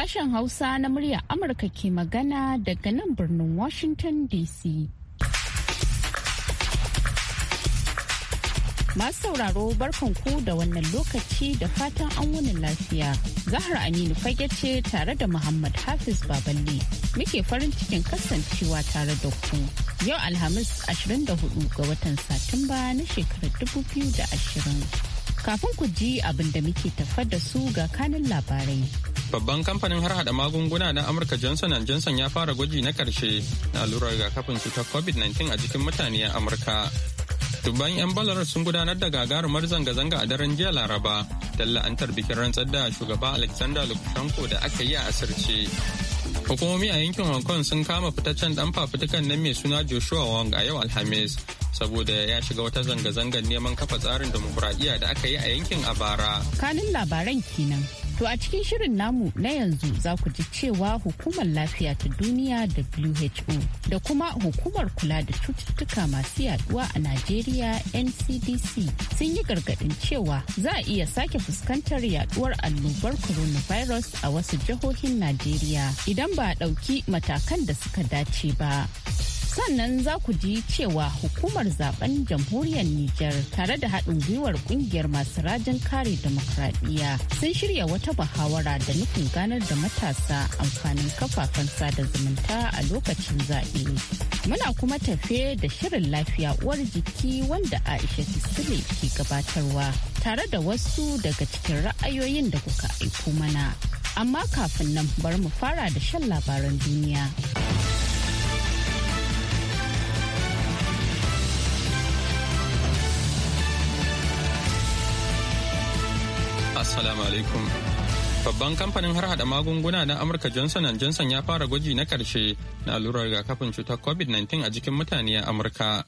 Sashen Hausa na murya Amurka ke magana daga nan birnin Washington DC. Masu sauraro barkanku da wannan lokaci da fatan an wunin lafiya. zahar Aminu fage ce tare da Muhammad Hafiz Baballe. Muke farin cikin kasancewa tare da ku. Yau Alhamis 24 ga watan Satumba na shekarar 2020. Kafin ku ji abin da muke tafar da su ga kanin labarai. Babban kamfanin har hada magunguna na Amurka Johnson Johnson ya fara gwaji na karshe na allurar rigakafin cutar COVID-19 a jikin mutane a Amurka. Dubban 'yan Belarus sun gudanar da gagarumar zanga-zanga a daren jiya Laraba don la'antar bikin rantsar da shugaba Alexander Lukashenko da aka yi a asirce. Hukumomi a yankin Hong Kong sun kama fitaccen dan fafutukan nan mai suna Joshua Wong a yau Alhamis saboda ya shiga wata zanga-zangar neman kafa tsarin demokuraɗiyya da aka yi a yankin a bara. Kanin labaran kenan. To a cikin shirin namu na yanzu za ku ji cewa hukumar lafiya ta duniya WHO da kuma hukumar kula da cututtuka masu yaduwa a Najeriya NCDC sun yi gargaɗin cewa za a iya sake fuskantar yaduwar annobar coronavirus a wasu jihohin Najeriya idan ba a ɗauki matakan da suka dace ba. sannan za ku ji cewa hukumar zaben jamhuriyar Nijar tare da haɗin gwiwar ƙungiyar masu rajin kare demokradiyya sun shirya wata muhawara da nufin ganar da matasa amfanin kafafen sada zumunta a lokacin zaɓe. Muna kuma tafe da shirin lafiya uwar jiki wanda Aisha Sule ke gabatarwa tare da wasu daga cikin ra'ayoyin da kuka aiko mana. Amma kafin nan bari mu fara da shan labaran duniya. Assalamu alaikum. Babban kamfanin har hada magunguna na Amurka Johnson Johnson ya fara gwaji na karshe na allurar rigakafin cutar COVID-19 a jikin mutane a Amurka.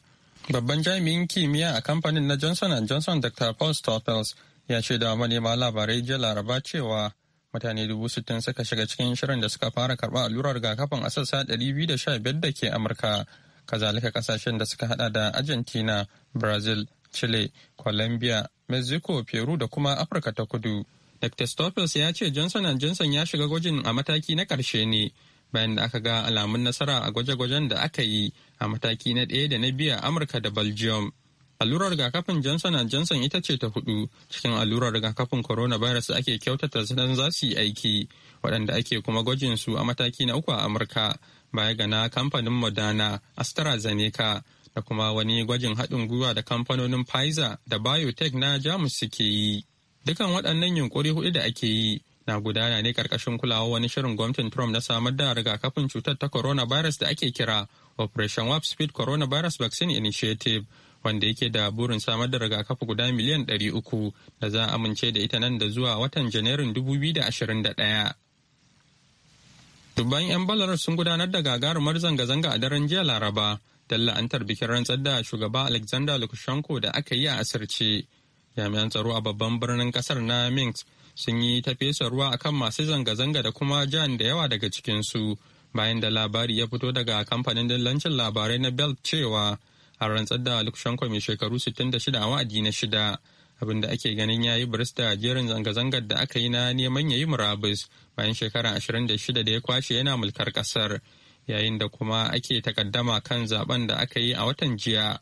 Babban jami'in kimiyya a kamfanin na Johnson Johnson Dr. Paul Stoffels ya ce da manema labarai jiya laraba cewa mutane dubu sittin suka shiga cikin shirin da suka fara karɓa allurar rigakafin a sassa ɗari biyu da sha biyar da ke Amurka. Kazalika kasashen da suka hada da Argentina, Brazil, Chile, Colombia, mexico peru da kuma afirka ta kudu dr stoffels ya ce johnson johnson ya shiga gwajin a mataki na karshe ne bayan da aka ga alamun nasara a gwaje-gwajen da aka yi a mataki na ɗaya da na biya amurka da belgium allurar rigakafin johnson johnson ita ce ta hudu cikin allurar rigakafin corona virus ake kyautata zan za su yi aiki waɗanda ake kuma gwajin su a mataki na uku a amurka baya ga na kamfanin moderna astrazeneca da kuma wani gwajin haɗin gwiwa da kamfanonin Pfizer da biotech na Jamus suke yi. Dukan waɗannan yunkuri huɗu da ake yi na gudana ne karkashin kulawa wani shirin gwamnatin Trump na samar da rigakafin cutar ta coronavirus da ake kira Operation Warp Speed Coronavirus Vaccine Initiative wanda yake da burin samar da rigakafi guda miliyan ɗari uku da za a amince da ita nan da zuwa watan Janairun 2021. Dubban 'yan Belarus sun gudanar da gagarumar zanga-zanga a daren jiya Laraba don la'antar bikin rantsar da shugaba alexander lukashenko da aka yi a asirce jami'an tsaro a babban birnin kasar na minsk sun yi tafesa fesa ruwa akan masu zanga-zanga da kuma jan da yawa daga cikinsu bayan da labari ya fito daga kamfanin dillancin labarai na belt cewa a rantsar da lukashenko mai shekaru 66 a wa'adi na shida abin da ake ganin ya yi barista da jerin zanga-zangar da aka yi na neman ya yi murabus bayan shekara 26 da ya kwashe yana mulkar kasar yayin da kuma ake takaddama kan zaben da aka yi a watan jiya.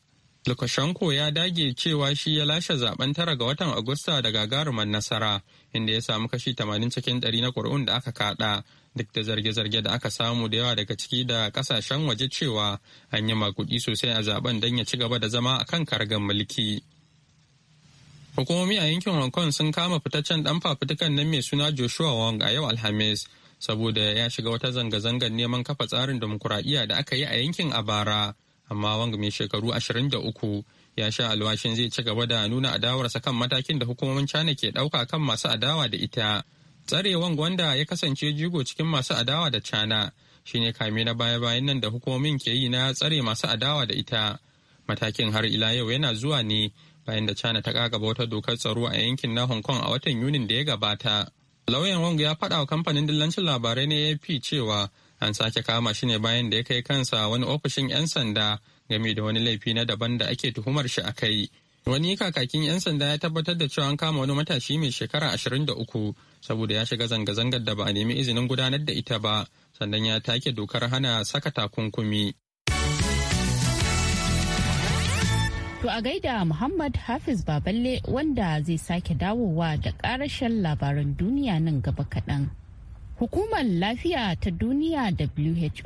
Lukashenko ya dage cewa shi ya lashe zaben tara ga watan Agusta da gagarumar nasara, inda ya samu kashi 80 cikin 100 na ƙuri'un da aka kaɗa duk da zarge-zarge da aka samu da yawa daga ciki da kasashen waje cewa an yi makudi sosai a zaben don ya ci gaba da zama a kan kargan mulki. Hukumomi a yankin Hong Kong sun kama fitaccen ɗan fafutukan nan mai suna Joshua Wong a yau Alhamis saboda ya shiga wata zanga-zangar neman kafa tsarin demokuraɗiyya da aka yi a yankin a bara amma wanga mai shekaru 23 ya sha alwashin zai ci gaba da nuna adawarsa kan matakin da hukumomin china ke ɗauka kan masu adawa da ita tsarewan wanga wanda ya kasance jigo cikin masu adawa da china shine kame na baya-bayan nan da hukumomin ke yi na tsare masu adawa da ita matakin har ila yau yana zuwa ne bayan da china ta kakaba wata dokar tsaro a yankin na hong kong a watan yunin da ya gabata Lauyan Wong ya faɗa wa kamfanin dillancin labarai na ap cewa an sake kama shi ne bayan da ya kai kansa wani ofishin 'yan sanda game da wani laifi na daban da ake tuhumar shi a kai. Wani kakakin 'yan sanda ya tabbatar da cewa an kama wani matashi mai shekara ashirin da uku saboda ya shiga zanga-zangar da ba a nemi izinin gudanar da ita ba, sannan ya take dokar hana saka takunkumi. To a gaida Muhammad Hafiz Baballe wanda zai sake dawowa da karashen labaran duniya nan gaba kaɗan. hukumar lafiya ta duniya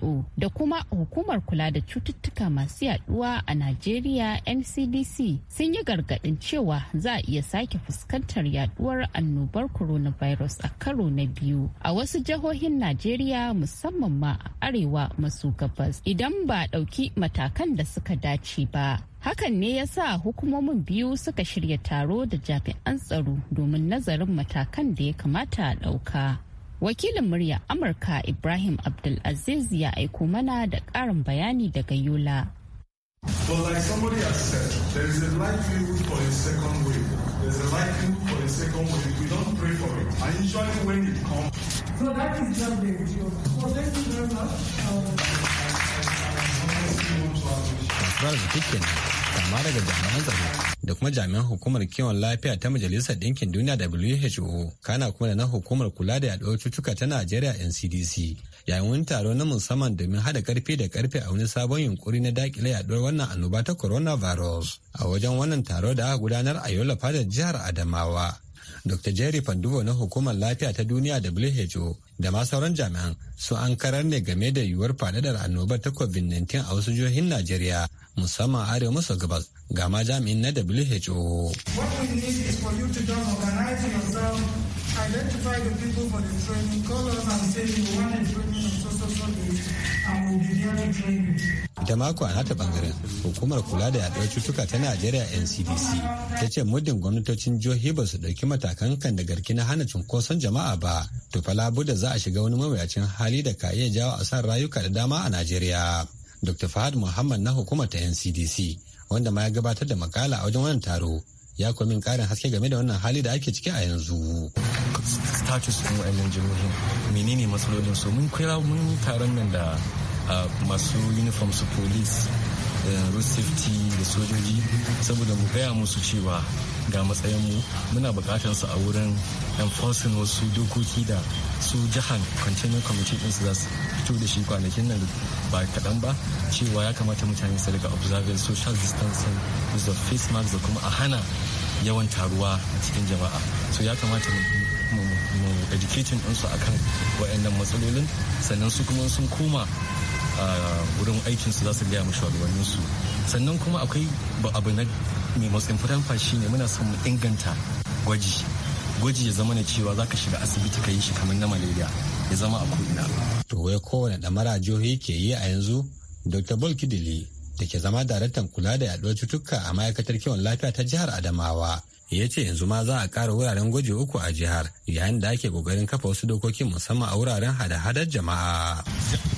who da kuma hukumar kula da cututtuka masu yaduwa a Nigeria ncdc sun yi gargadin cewa za a iya sake fuskantar yaduwar annobar coronavirus a karo na biyu a wasu jihohin najeriya musamman ma a arewa maso gabas idan ba a dauki matakan da suka dace ba hakan ne ya sa hukumomin biyu suka shirya taro da jami'an tsaro domin nazarin matakan da ya kamata a ɗauka wakilin murya amurka ibrahim abdulaziz ya aiko mana da karin bayani daga yola well, like somebody has said, there is a likelihood for a second wave. There's a likelihood for a second wave. We don't pray for it. enjoy it when it comes. So that is just the thank you very much. kama daga jami'an tsaro da kuma jami'an hukumar kiwon lafiya ta majalisar Dinkin duniya WHO kana kuma da na hukumar kula da yaɗuwar cutuka ta Najeriya NCDC yayin wani taro na musamman domin hada karfe da karfe a wani sabon yunkuri na dakile yaduwar wannan annoba ta coronavirus a wajen wannan taro da aka gudanar a yola fadar jihar adamawa dr jerry fandubo na hukumar lafiya ta duniya who da ma sauran jami'an su an karar ne game da yiwuwar fadadar annobar ta covid-19 a wasu jihohin najeriya musamman arewa maso gabas ga ma jami'in na WHO. a Ita mako a nata bangaren hukumar kula da yaduwar cutuka ta Najeriya NCDC ta ce muddin gwamnatocin jihohi ba su ɗauki matakan kan da garki na hana cunkoson jama'a ba to fa da za a shiga wani mawuyacin hali da ka iya jawo san rayuka da dama a Najeriya. dr fahad muhammad na hukumar ta ncdc wanda ma ya gabatar da makala a wajen wannan taro ya komin karin haske game da wannan hali da ake ciki a yanzu. status ɗin wa'annan jihohin menene matsalolin su mun kira mun taron nan da masu uniform su police road safety da sojoji saboda mu gaya musu cewa ga matsayin mu muna bukatar su a wurin enforcing wasu dokoki da su jihar kwanciyar kwamitin din su za su fito da shi kwanakin nan ba kaɗan ba cewa ya kamata mutane su daga observing social distancing with the face mask da kuma a hana yawan taruwa a cikin jama'a so ya kamata mu educating ɗinsu akan wayannan matsalolin sannan su kuma sun koma wurin aikinsu za su gaya mashi su sannan kuma akwai abu na mai matsayin fashi shine muna son mu inganta gwaji gwaji ya zama ne cewa za ka shiga asibiti ka yi shi kamar na malaria ya zama a ko'ina. to wai kowane ɗamara jihohi ke yi a yanzu dr bolkidili da ke zama daraktan kula da yaduwar cututtuka a ma'aikatar kiwon lafiya ta jihar adamawa ya ce yanzu ma za a ƙara wuraren gwaji uku a jihar yayin da ake ƙoƙarin kafa wasu dokokin musamman a wuraren hada-hadar jama'a.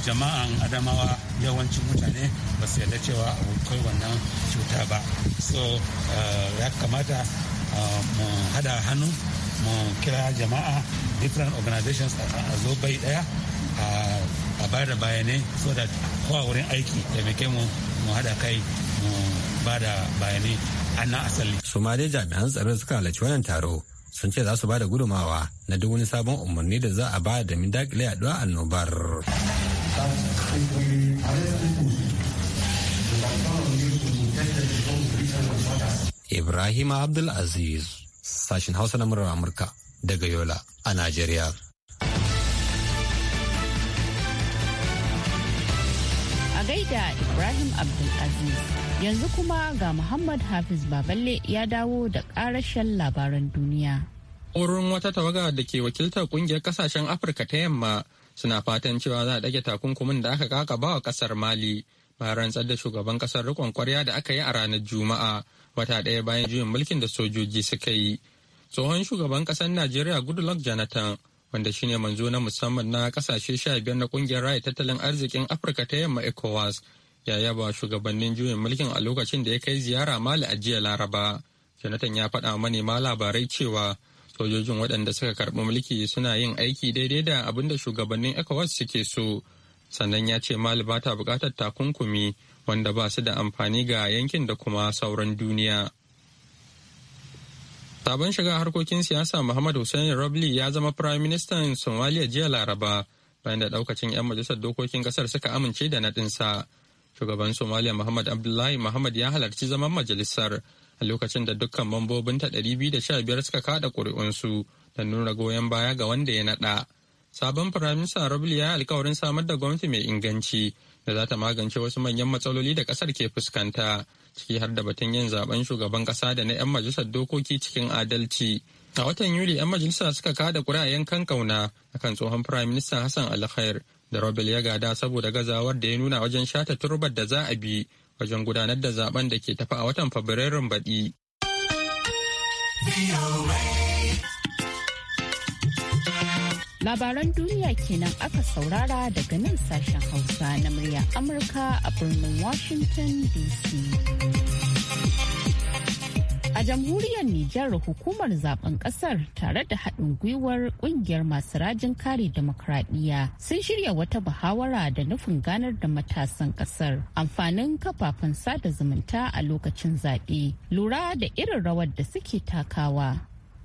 jama'an adamawa yawancin mutane ba su yarda cewa akwai wannan cuta ba so eh, ya kamata eh, mu hada hannu mu kira jama'a different organizations a zo bai daya a ba da bayanai so da kowa wurin aiki taimake mu mu haɗa kai mu ba da bayanai a na asali. su ma dai jami'an tsaro suka halarci wannan taro sun ce za su ba da gudumawa na duk wani sabon umarni da za a ba da min dakile yaduwa annobar. Ibrahim Abdulaziz sashen Hausa na murar Amurka daga Yola a Najeriya. A gaida Ibrahim Abdulaziz yanzu kuma ga Muhammad Hafiz Baballe ya dawo da ƙarashen labaran duniya. Wurin wata tawaga da ke wakiltar kungiyar kasashen Afirka ta yamma suna fatan cewa za a ɗage takunkumin da aka kaka wa ƙasar Mali bayan rantsar da shugaban ƙasar rikon kwarya da aka yi a ranar Juma'a wata ɗaya bayan juyin mulkin da sojoji suka yi tsohon shugaban ƙasar najeriya goodluck jonathan wanda shine manzo na musamman na ƙasashe sha biyar na ƙungiyar raya tattalin arzikin afirka ta yamma ecowas ya yaba shugabannin juyin mulkin a lokacin da ya kai ziyara mali a jiya laraba jonathan ya faɗa manema labarai cewa sojojin waɗanda suka karɓi mulki suna yin aiki daidai da abin da shugabannin ecowas suke so sannan ya ce mali ba ta buƙatar takunkumi wanda ba su da amfani ga yankin da kuma sauran duniya. Sabon shiga harkokin siyasa Muhammad Hussein Rabli ya zama Prime Minister Somalia jiya Laraba bayan da ɗaukacin 'yan majalisar dokokin ƙasar suka amince da naɗinsa. Shugaban Somalia Muhammad Abdullahi Muhammad ya halarci zaman majalisar a lokacin da dukkan mambobinta 215 suka kada ƙuri'unsu da nuna goyon baya ga wanda ya naɗa. Sabon Minister Rabli ya yi alkawarin samar da gwamnati mai inganci da za ta magance wasu manyan matsaloli da kasar ke fuskanta ciki har da batun yin zaben shugaban kasa da na 'yan majalisar dokoki cikin adalci a watan yuli 'yan majalisa suka kada kurayen kan kauna akan tsohon firayim minista hassan alkhair da robel ya gada saboda gazawar da ya nuna wajen shata turbar da za a bi wajen gudanar da zaben da ke tafi a watan fabrairun baɗi. Labaran duniya kenan aka saurara daga nan sashen Hausa na murya Amurka a birnin Washington DC. A jamhuriyar Nijar hukumar zaben kasar tare da haɗin gwiwar ƙungiyar masu rajin kare demokradiyya sun shirya wata muhawara da nufin ganar da matasan kasar amfanin kafafen sada zumunta a lokacin zaɓe lura da irin rawar da suke takawa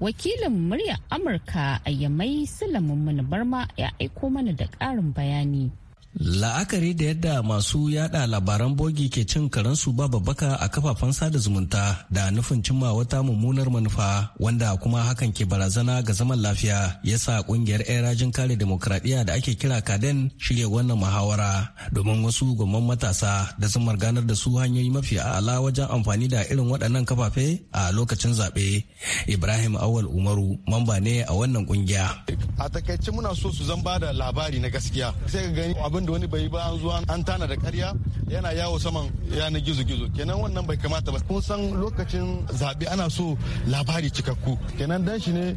wakilin murya amurka a yamai sulamun barma ya aiko mana da karin bayani La'akari da yadda masu yada labaran bogi ke cin karansu ba babbaka a kafafen sada zumunta da nufin cimma wata mummunar manufa wanda kuma hakan ke barazana ga zaman lafiya yasa kungiyar 'yan rajin kare demokradiyya da ake kira kaden shirya wannan muhawara domin wasu gwamman matasa da sun marganar da su hanyoyi mafi a'ala wajen amfani da irin waɗannan kafafe a lokacin zaɓe Ibrahim Awal Umaru mamba ne a wannan kungiya. A takaice muna so su zan ba da labari na gaskiya. Sai ka gani abin da wani bai ba an zuwa an tana da karya yana yawo saman yanar gizo-gizo. Kenan wannan bai kamata ba. Kun san lokacin zabe ana so labari cikakku. Kenan dan shi ne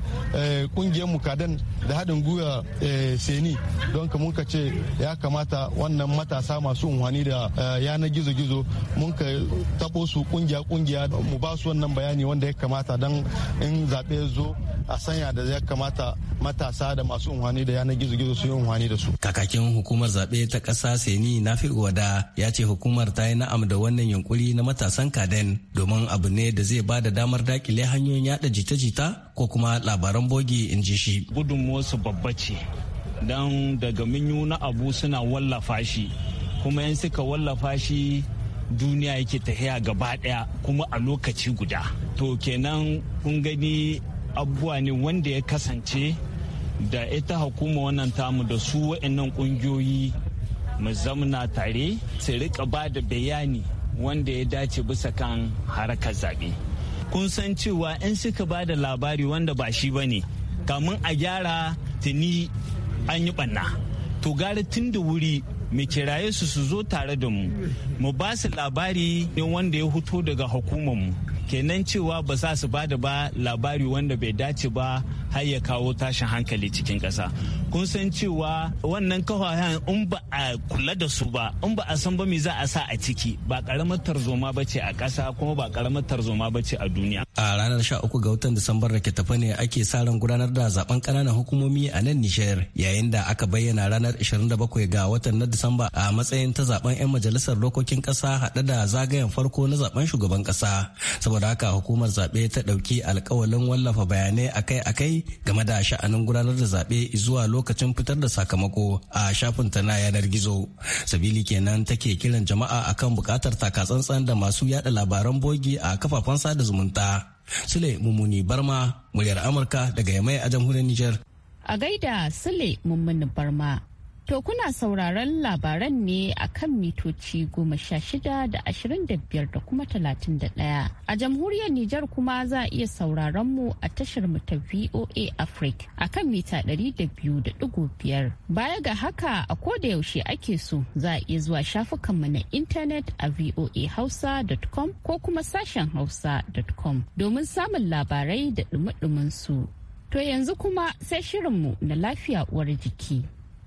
kungiyar eh, mukadan da haɗin gwiwa eh, seni don ka muka ce ya kamata wannan matasa masu unhwani da eh, yanar gizo-gizo mun ka taɓo su kungiya-kungiya mu ba su wannan bayani wanda ya kamata don in zaɓe zo a sanya da ya kamata matasa da masu unhani da yanar gizo-gizo su yi unhani da su. Kakakin hukumar zaɓe ta ƙasa Seni fi Wada ya ce hukumar ta yi na'am da wannan yunkuri na matasan Kaden domin abu ne da zai ba da damar dakile hanyoyin yaɗa jita-jita ko kuma labaran bogi in ji shi. Gudunmuwarsu babba ce don daga minyu na abu suna wallafa shi kuma in suka wallafa shi duniya yake tahiya gaba daya kuma a lokaci guda to kenan kun gani abubuwa ne wanda ya kasance da ita hukuma wannan tamu da su wa'annan kungiyoyi mu zamna tare su rika ba da bayani wanda ya dace bisa kan harakar zaɓe kun san cewa in suka ba da labari wanda ba shi ba ne kamun a gyara tuni an yi ɓanna to gara tun da wuri mu kiraye su su zo tare da mu mu ba su labari ne wanda ya huto daga hukumar mu kenan cewa ba za su bada ba labari wanda bai dace ba har ya kawo tashin hankali cikin ƙasa kun san cewa wannan kafafen in ba a kula da su ba in ba a san ba me za a sa a ciki ba karamar tarzoma ba ce a ƙasa kuma ba karamar tarzoma ba ce a duniya. A ranar 13 ga watan Disambar da ke ne ake sa ran gudanar da zaben kananan hukumomi a nan Nijar yayin da aka bayyana ranar 27 ga watan na Disamba a matsayin ta zaben 'yan majalisar dokokin kasa haɗe da zagayen farko na zaben shugaban kasa Saboda haka hukumar zaɓe ta ɗauki alkawalin wallafa bayanai akai-akai game da sha'anin gudanar da zabe zuwa lokacin lokacin fitar da sakamako a shafin ta na yanar gizo sabili kenan take kiran jama'a akan bukatar takatsantsan da masu yada labaran bogi a kafafen sada zumunta sule mummuni barma muryar amurka daga yamai a jamhuriyar niger a gaida sule mummuni barma To kuna sauraron labaran ne a kan mitoci goma sha shida da ashirin da biyar da kuma talatin da ɗaya. A jamhuriyar Nijar kuma za a iya sauraron mu a tashar mu ta VOA Africa a kan mita ɗari da biyu da ɗigo biyar. Baya ga haka a koda yaushe ake so za a iya zuwa shafukan mu na intanet a voahausa.com ko kuma sashen hausa.com domin samun labarai da ɗumi su. To yanzu kuma sai shirin mu na lafiya uwar jiki.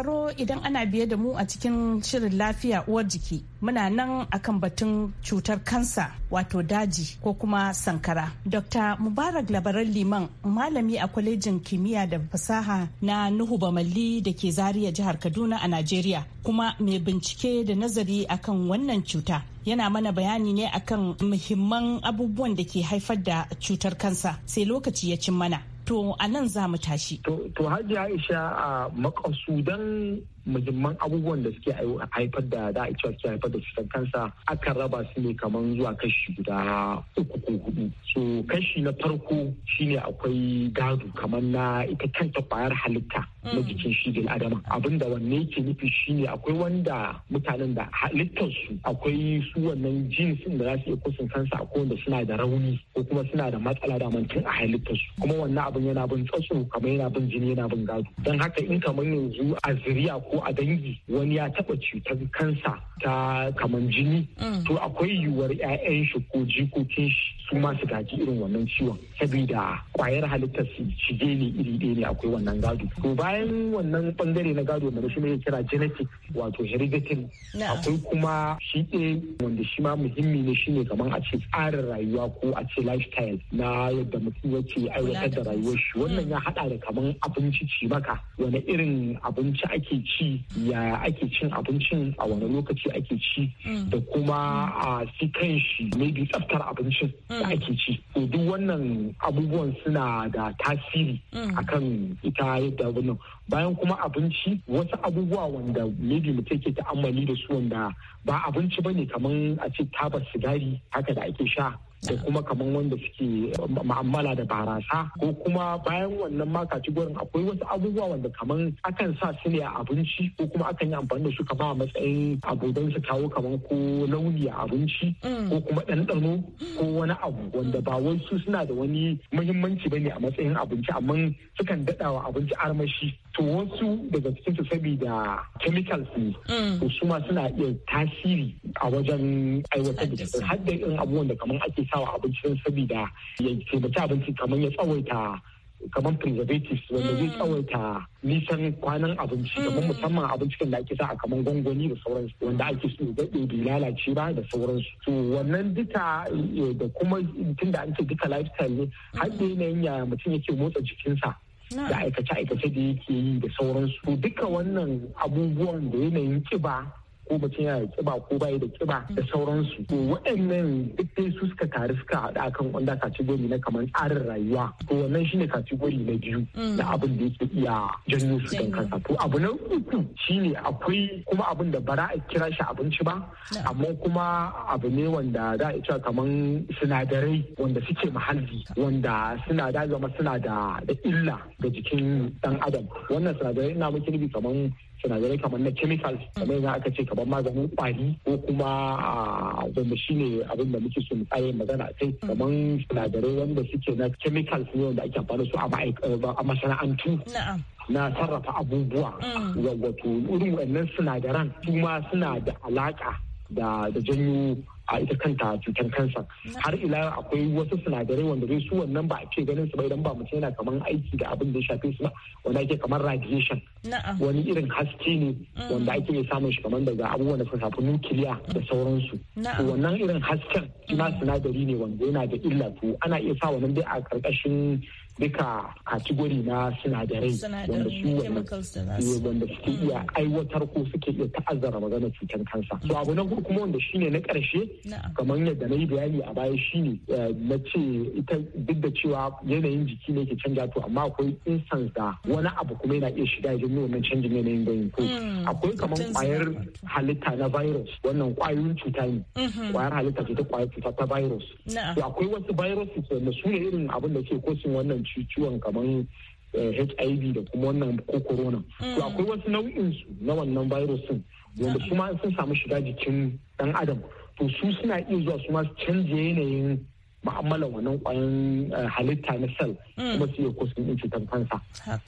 sauraro idan ana biye da mu a cikin shirin lafiya uwar jiki muna nan akan batun cutar kansa wato daji ko kuma sankara. Dr. Mubarak labaran liman malami a kwalejin kimiyya da fasaha na Nuhu Bamalli da ke Zariya jihar Kaduna a Najeriya kuma mai bincike da nazari akan wannan cuta. yana mana bayani ne akan muhimman abubuwan da ke haifar da cutar kansa sai lokaci ya cin mana. to a nan za mu tashi. To Hajji Aisha a makasudan muhimman abubuwan da suke haifar da da a cewa suke haifar da cutar kansa aka raba su ne kamar zuwa kashi guda uku ko hudu. So kashi na farko shine akwai gado kamar na ita kanta kwayar halitta na mm. jikin shi bil adama. Abin da wanne yake nufi shine akwai wanda mutanen da su. akwai su wannan jins da za su iya kusan kansa akwai wanda suna da rauni ko kuma suna da matsala da mantin a su. Kuma wannan abin abin yana bin tsatso kamar yana bin jini yana bin gado don haka in kamar yanzu a zuriya ko a dangi wani ya taba cutar kansa ta kamar jini mm. to akwai yiwuwar 'ya'yan shi ko jikokin shi su ma su gaji irin wannan ciwon saboda kwayar halittar su cije ne iri ɗaya ne akwai wannan gado to bayan wannan bangare na gado da shi ne kira genetic wato hereditary akwai kuma shi ɗe wanda shi ma muhimmi ne shine kamar a ce tsarin rayuwa ko a ce lifestyle na yadda mutum yake aiwatar da rayuwa rayuwar wannan ya mm. hada da kaman abinci ci maka wani irin abinci ake ci ya ake cin abincin a wani lokaci ake ci mm. da kuma a si kan shi maybe tsaftar abincin da mm. ake ci to duk wannan abubuwan suna da tasiri akan ita yadda wannan bayan kuma abinci wasu abubuwa wanda maybe mutum ke ta'ammali da su wanda ba abinci bane kaman a ce tabar sigari haka da ake sha da kuma kamar wanda suke ma'amala da barasa ko kuma bayan wannan ma gurin akwai wasu abubuwa wanda kamar akan sa su ne a abinci ko kuma akan yi amfani da su kama a matsayin abudan su kawo kamar ko launi a abinci mm. ko kuma ɗanɗano ko wani abu wanda ba wasu suna da wani muhimmanci ba ne a matsayin abinci amma sukan daɗa wa abinci armashi to wasu daga cikin su saboda chemicals ne mm. to su ma suna iya tasiri a wajen aiwatar da cikin har da irin abubuwan da kamar ake sawa abincin saboda ya taimaki abinci kamar ya tsawaita kamar preservatives wanda zai mm. tsawaita nisan kwanan abinci mm. kamar musamman abincin da ake sa a kamar gwangwani da sauransu wanda ake so daɗe bai lalace ba da sauransu to wannan duka eh, da kuma tunda an ce duka lifestyle ne har da yanayin yaya mutum yake motsa jikinsa da aikace aikace da yake yi da sauransu duka wannan abubuwan da yanayin kiba ko mutum yana da kiba ko bai da kiba da sauransu to waɗannan duk dai su suka taru suka haɗa akan wanda kategori na kamar tsarin rayuwa to wannan shine kategori na biyu mm. na abin da yake iya janyo su don kansa to abu na uku shine akwai kuma abin da bara a kira shi abinci ba amma kuma abu ne wanda za a cewa kamar sinadarai wanda suke muhalli wanda suna da zama suna da illa ga jikin dan adam wannan sinadarai ina muke nufi kamar sinadarai kamar na chemical kamar yana aka ce kamar maganin kwari ko kuma wanda shine abin da muke so mu tsaye magana a kai kamar sinadarai wanda suke na chemical ne wanda ake amfani su a masana'antu na sarrafa abubuwa mm. wato irin wannan sinadaran kuma suna da alaka da janyo a ita kanta cutar kansa har ila akwai wasu sinadarai wanda dai su wannan ba a ce ganin su ba idan ba mutum yana kamar aiki da abin da ya shafe su ba wanda ake kamar radiation wani irin haske ne mm. wanda ake iya samun shi kamar daga abubuwan da suka shafi nukiliya da sauransu wannan irin hasken na mm. sinadari ne wanda yana da illa to ana iya sa wannan dai a karkashin duka kategori na sinadarai wanda su wanda suke mm. iya aiwatar ko suke iya ta'azzara magana cutar kansa to abu na hudu kuma wanda shine na karshe kamar yadda na yi bayani a baya shine eh, na ce ita duk da cewa yanayin jiki ne ke canja to amma akwai instance da wani abu kuma yana iya shiga ne wannan canjin yanayin ganin ko mm. akwai kamar kwayar halitta na virus wannan kwayoyin cuta ne kwayar mm-hmm. halitta ce ta kwayar cuta ta virus to akwai wasu virus wanda su ne irin abin da ke kosin wannan shi ciwon kamar HIV eh, da kuma wannan ko corona. To mm. akwai wasu nau'in su na wannan virus din wanda kuma sun samu shiga jikin dan adam to su suna iya zuwa su ma su yanayin ma'amalan wannan kwayan eh, halitta na cell mm. kuma su iya kusan in cutar kansa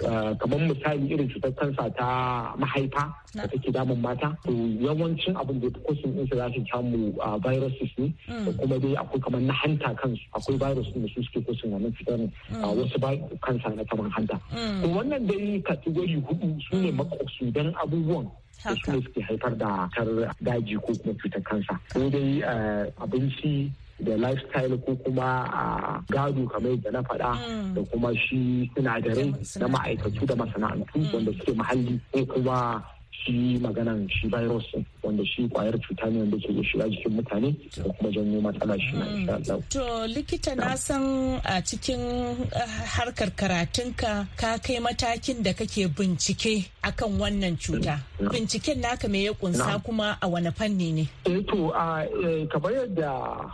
eh, kamar misali irin cutar kansa ta mahaifa da take damun mata to yawancin abin da ya fi kusan in su za su samu ah, viruses ne mm. kuma dai akwai kamar na hanta kansu akwai virus da su suke kusan wannan cutar ah, mm. wasu ba kansa na kamar hanta to wannan dai kategori hudu su ne don abubuwan da su suke haifar da kar daji ko kuma cutar kansa ko dai eh, abinci da lifestyle ko kuma a gado kamar yadda na faɗa mm. da kuma shi sinadarai na ma'aikatu da masana'antu wanda suke muhalli ko kuma shi maganan shi virus wanda shi kwayar cuta ne wanda ke iya shiga jikin mutane da kuma janyo matsala shi na mm. To likita na san a cikin eh, harkar karatunka ka kai matakin da kake bincike akan wannan cuta. Mm. Binciken naka me ya kunsa kuma a wani fanni ne? Eh to eh, kamar yadda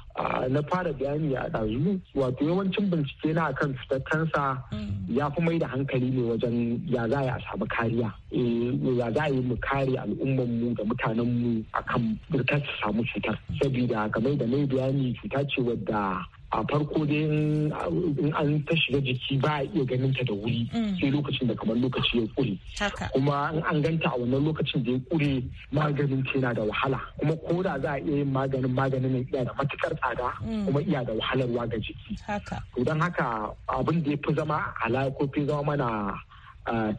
na fara bayani a ɗazu wato yawancin bincike na akan cutar kansa mm. ya fi mai da hankali ne wajen ya za a samu kariya. Eh, ya za a yi mu kare al'ummar mu ga mutanen mu hannu akan burkar su samu cutar saboda kamar da mai bayani cuta ce wadda a farko dai in an ta shiga jiki ba a iya ganin ta da wuri mm. sai lokacin da kamar lokaci ya kure kuma in an ganta a wannan lokacin da ya kure maganin ta yana da wahala kuma ko da za a iya yin maganin maganin nan iya da matukar tsada mm. kuma iya da wahalarwa ga jiki to don haka abin da ya fi zama ala ko fi zama mana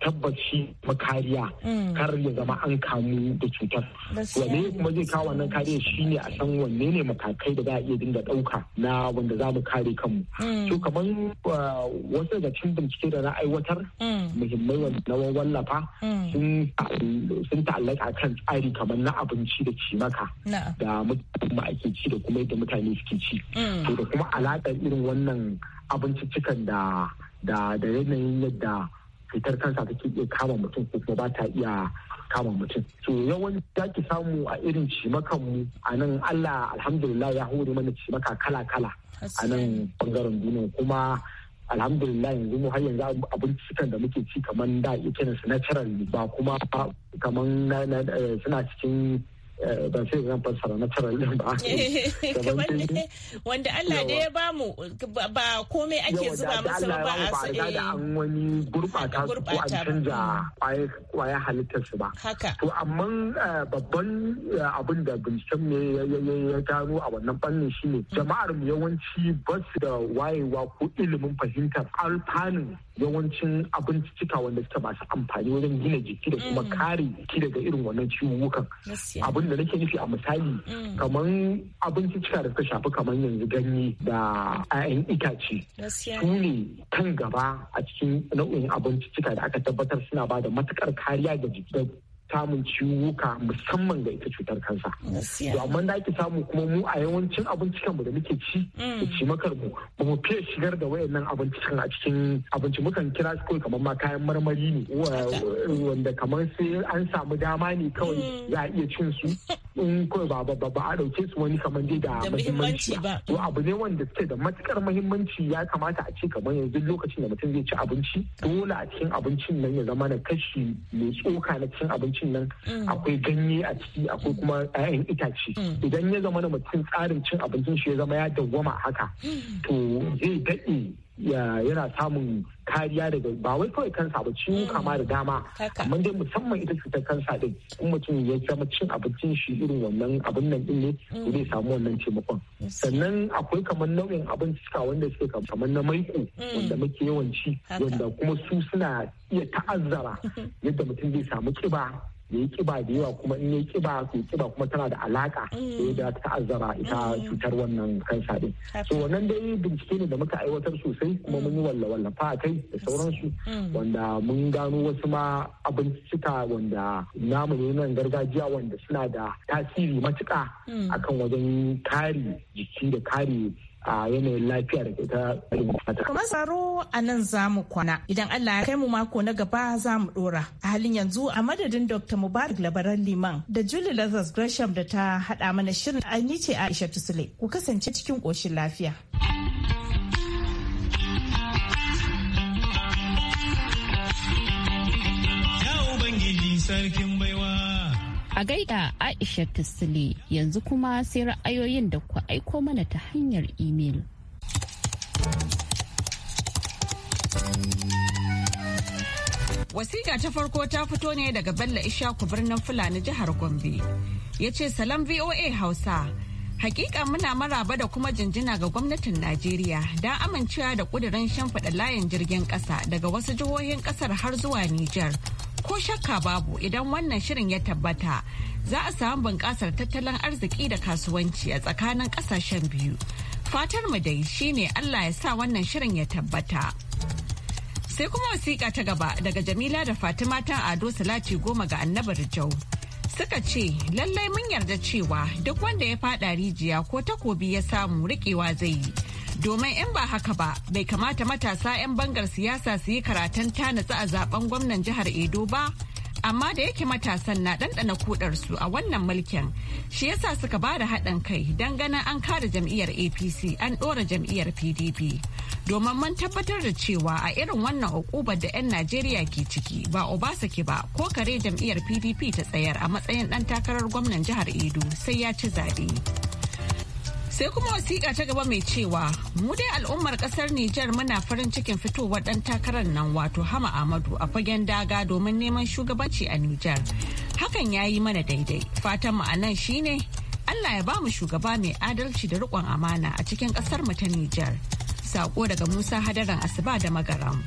tabbas shi makariya mm. kar ya zama an kamu da cutar wanne kuma zai kawo wannan kariya shi ne a san wanne ne matakai da za a iya dinga ɗauka na wanda za mu kare kanmu mm. to kamar wasu daga cikin bincike da na aiwatar mm. muhimmai wanda wallafa sun ta'allaka kan tsari kamar na abinci da cimaka da mutane ake ci da kuma yadda mutane suke ci to da kuma alaƙar irin wannan abinciccikan da da yanayin yadda cutar kansa take iya kama mutum ko kuma ba ta iya kama mutum to yawanci za ki samu a irin cimakan mu a nan Allah alhamdulillah ya hore mana cimaka kala kala a nan bangaren duniya kuma alhamdulillah yanzu mu har yanzu abincikan da muke ci kamar da ita natural ba kuma kamar eh, suna cikin Eh, ban sai zan fassara na tara din ba wanda Allah da ya ba mu ba komai ake zuba masa ba a su da an wani eh, gurbata su ko an canza kwaya halittar su ba haka to amma eh, babban abin da binciken me ya gano a wannan fannin shine mm. jama'ar yawanci ba su da wayewa ko ilimin fahimtar alfanu. yawancin cika wanda suka masu amfani wajen gina jiki da kuma mm. kare jiki daga irin wannan ciwuwukan abin da nake nufi a misali mm. kamar cika da suka shafi kamar yanzu ganye da 'ya'yan itace su ne kan gaba a cikin nau'in cika da aka tabbatar suna ba da matukar kariya ga jiki samun ciwuka musamman ga ita cutar kansa. To amma da ake samu kuma mu a yawancin abincikan mu da muke ci mm. da makar mu ba mu fiye shigar da wayannan abincikan a cikin abinci mukan kira su kai kamar ma kayan marmari ne wanda kamar sai an samu dama ne kawai mm. za a iya cin su in kawai ba ba a dauke su wani kamar dai da muhimmanci ba. To abu ne wanda suke da matukar muhimmanci ya kamata a ce kamar yanzu lokacin da mutum zai ci abinci dole a cikin abincin nan ya zama na kashi mai tsoka na cikin abinci abincin nan mm. akwai ganye a ciki akwai kuma 'ya'yan itace mm. idan ya zama na mutum tsarin cin abincin shi ya zama ya dawwama haka mm. to zai daɗe yana samun kariya daga ba wai kawai kansa ba ciwuka mm. kama da dama amma dai musamman ita cutar kansa din in mutum ya zama cin abincin shi irin wannan abin nan din ne mm. zai samu wannan taimakon sannan akwai kamar nau'in abincika wanda suke kamar na maiko mm. wanda muke yawanci wanda kuma su suna iya ta'azzara yadda mutum zai samu kiba ya yi kiba da yawa kuma in yayi yi kiba to kiba kuma tana da alaka mm. da ta ta'azzara ita mm. cutar wannan kansa din so wannan dai bincike ne da muka aiwatar sosai kuma mun yi mm. walla wallafa a kai da sauransu wanda mun gano wasu ma abincika wanda namu ne nan gargajiya wanda suna da tasiri matuka akan wajen kare jiki da kare a yanayin lafiya da ta Kamar tsaro a nan za mu kwana idan Allah ya kai mu mako na gaba za mu dora. A halin yanzu a madadin Dr. Mubarak Labaran Liman da Julie Lazarus Gresham da ta haɗa mana shirin an ce Aisha Tusule ku kasance cikin ƙoshin lafiya. A gaida Aisha Tisili yanzu kuma sai ra'ayoyin da ku aiko mana ta hanyar imel. Wasiƙa ta farko ta fito ne daga Bello Ishaku birnin Fulani jihar Gombe. Ya ce salam VOA Hausa. Hakika muna maraba da kuma jinjina ga gwamnatin Najeriya don amincewa da kudirin shimfiɗa layin jirgin ƙasa daga wasu jihohin ƙasar har zuwa Nijar. ko shakka babu idan wannan shirin ya tabbata za a samu bunƙasar tattalin arziki da kasuwanci a tsakanin ƙasashen biyu fatar mu dai shine allah ya sa wannan shirin ya tabbata sai kuma wasiƙa ta gaba daga jamila da fatima ta ado salati goma ga annabar jau suka ce lallai mun yarda cewa duk wanda ya faɗa rijiya ko takobi ya samu riƙewa zai yi domin in ba haka ba bai kamata matasa 'yan bangar siyasa su yi karatun tanatsu a zaben gwamnan jihar edo ba amma da yake matasan na ɗanɗana kudarsu a wannan mulkin shi yasa suka ba da haɗin kai don ganin an kare jam'iyyar apc an ɗora jam'iyyar pdp domin mun tabbatar da cewa a irin wannan hukubar da 'yan najeriya ke ciki ba ke ba ko kare jam'iyyar pdp ta tsayar a matsayin ɗan takarar gwamnan jihar edo sai ya ci zaɓe. sai kuma wasiƙa ta gaba mai cewa mu dai al'ummar ƙasar Nijar muna farin cikin fitowar ɗan takarar nan wato Hama amadu a fagen daga domin neman shugabanci a Nijar. Hakan ya yi mana daidai. Fatan mu a nan shine Allah ya ba mu shugaba mai adalci da riƙon amana a cikin ƙasar mu ta Nijar. Sako daga Musa Hadaran Asuba da Magaram.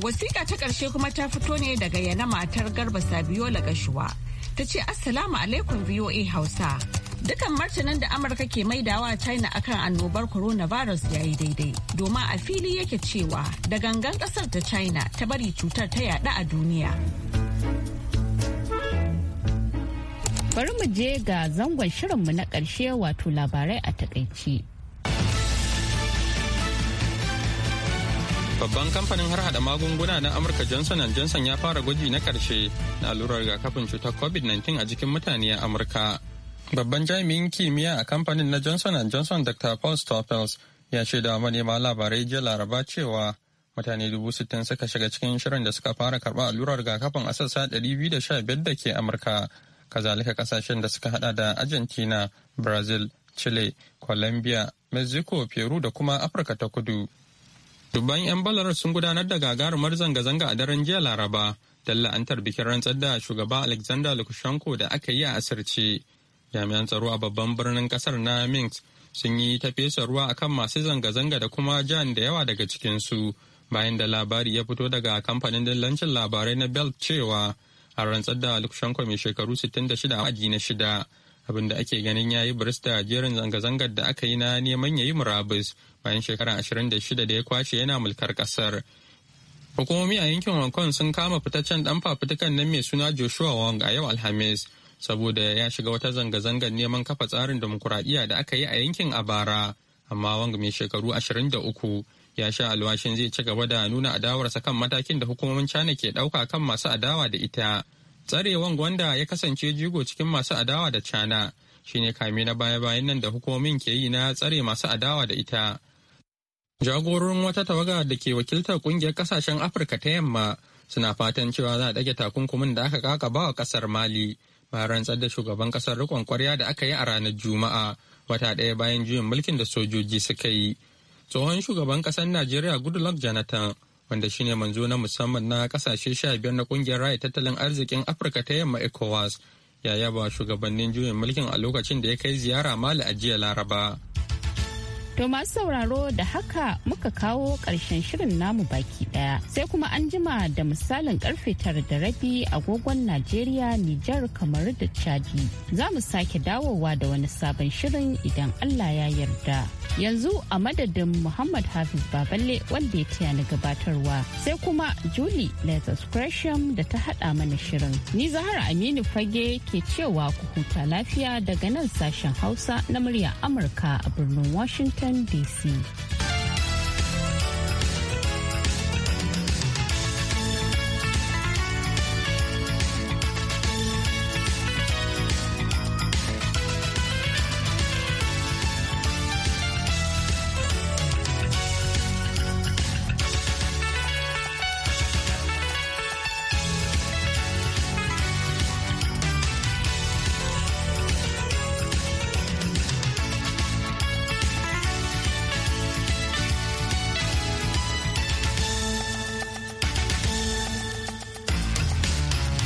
Wasiƙa ta ƙarshe kuma ta fito ne daga yana matar Garba sabiola Lagashuwa. Ta ce Assalamu alaikum VOA Hausa. Dukan martanin da Amurka ke maidawa China akan annobar coronavirus ya yi daidai. Domin a fili yake cewa da gangan kasar ta China ta bari cutar ta yaɗa a duniya. Bari mu je ga zangon shirinmu na ƙarshe wato labarai a takaici. Babban kamfanin har hada magunguna na Amurka Johnson Johnson ya fara gwaji na karshe na allurar rigakafin cutar COVID-19 a jikin mutane a Amurka Babban jami'in kimiyya a kamfanin na Johnson Johnson Dr. Paul Stoffels ya ce da manema labarai jiya laraba cewa mutane dubu sittin suka shiga cikin shirin da suka fara karɓar allurar rigakafin a sassa ɗari biyu da sha biyar da ke Amurka. Kazalika kasashen da suka haɗa da Argentina, Brazil, Chile, Colombia, Mexico, Peru da kuma Afirka ta kudu. Dubban 'yan balarar sun gudanar da gagarumar zanga-zanga a daren jiya laraba don la'antar bikin rantsar da shugaba Alexander Lukashenko da aka yi a asirce. jami'an tsaro a babban birnin kasar na minsk sun yi ta fesa ruwa akan masu zanga-zanga da kuma jan da yawa daga cikinsu bayan da labari ya fito daga kamfanin dillancin labarai na belt cewa a rantsar da lukashenko mai shekaru 66 a na shida abin da ake ganin ya yi da jerin zanga-zangar da aka yi na neman ya yi murabus bayan shekara 26 da ya kwashe yana mulkar kasar hukumomi a yankin hong kong sun kama fitaccen dan fafutukan nan mai suna joshua wong a yau alhamis saboda ya shiga wata zanga-zangar neman kafa tsarin demokuraɗiyya da aka yi a yankin a bara amma wanga mai shekaru uku ya sha alwashin zai ci gaba da nuna adawarsa kan matakin da hukumomin china ke ɗauka kan masu adawa da ita tsarewan gwanda wanda ya kasance jigo cikin masu adawa da china shine kame na baya-bayan nan da hukumomin ke yi na tsare masu adawa da ita jagororin wata tawaga da ke wakiltar kungiyar kasashen afirka ta yamma suna fatan cewa za a ɗage takunkumin da aka kaka ba wa ƙasar mali bayan rantsar da shugaban kasar rikon kwarya da aka yi a ranar juma'a wata ɗaya bayan juyin mulkin da sojoji suka yi tsohon shugaban kasar najeriya goodluck jonathan wanda shine manzo na musamman na kasashe sha biyar na kungiyar raya tattalin arzikin afirka ta yamma ecowas ya yaba shugabannin juyin mulkin a lokacin da ya kai ziyara mali a jiya laraba To masu sauraro da haka muka kawo ƙarshen shirin namu baki ɗaya. Sai kuma an jima da misalin karfe tara da rabi agogon Najeriya, Nijar, kamar da Chadi. Za mu sake dawowa da wani sabon shirin idan Allah ya yarda. Yanzu a madadin Muhammad Hafiz Baballe wanda ya taya ni gabatarwa. Sai kuma Julie Lazarus Gresham da ta haɗa mana shirin. Ni Zahara Aminu Fage ke cewa ku huta lafiya daga nan sashen Hausa na murya Amurka a birnin Washington. Washington DC.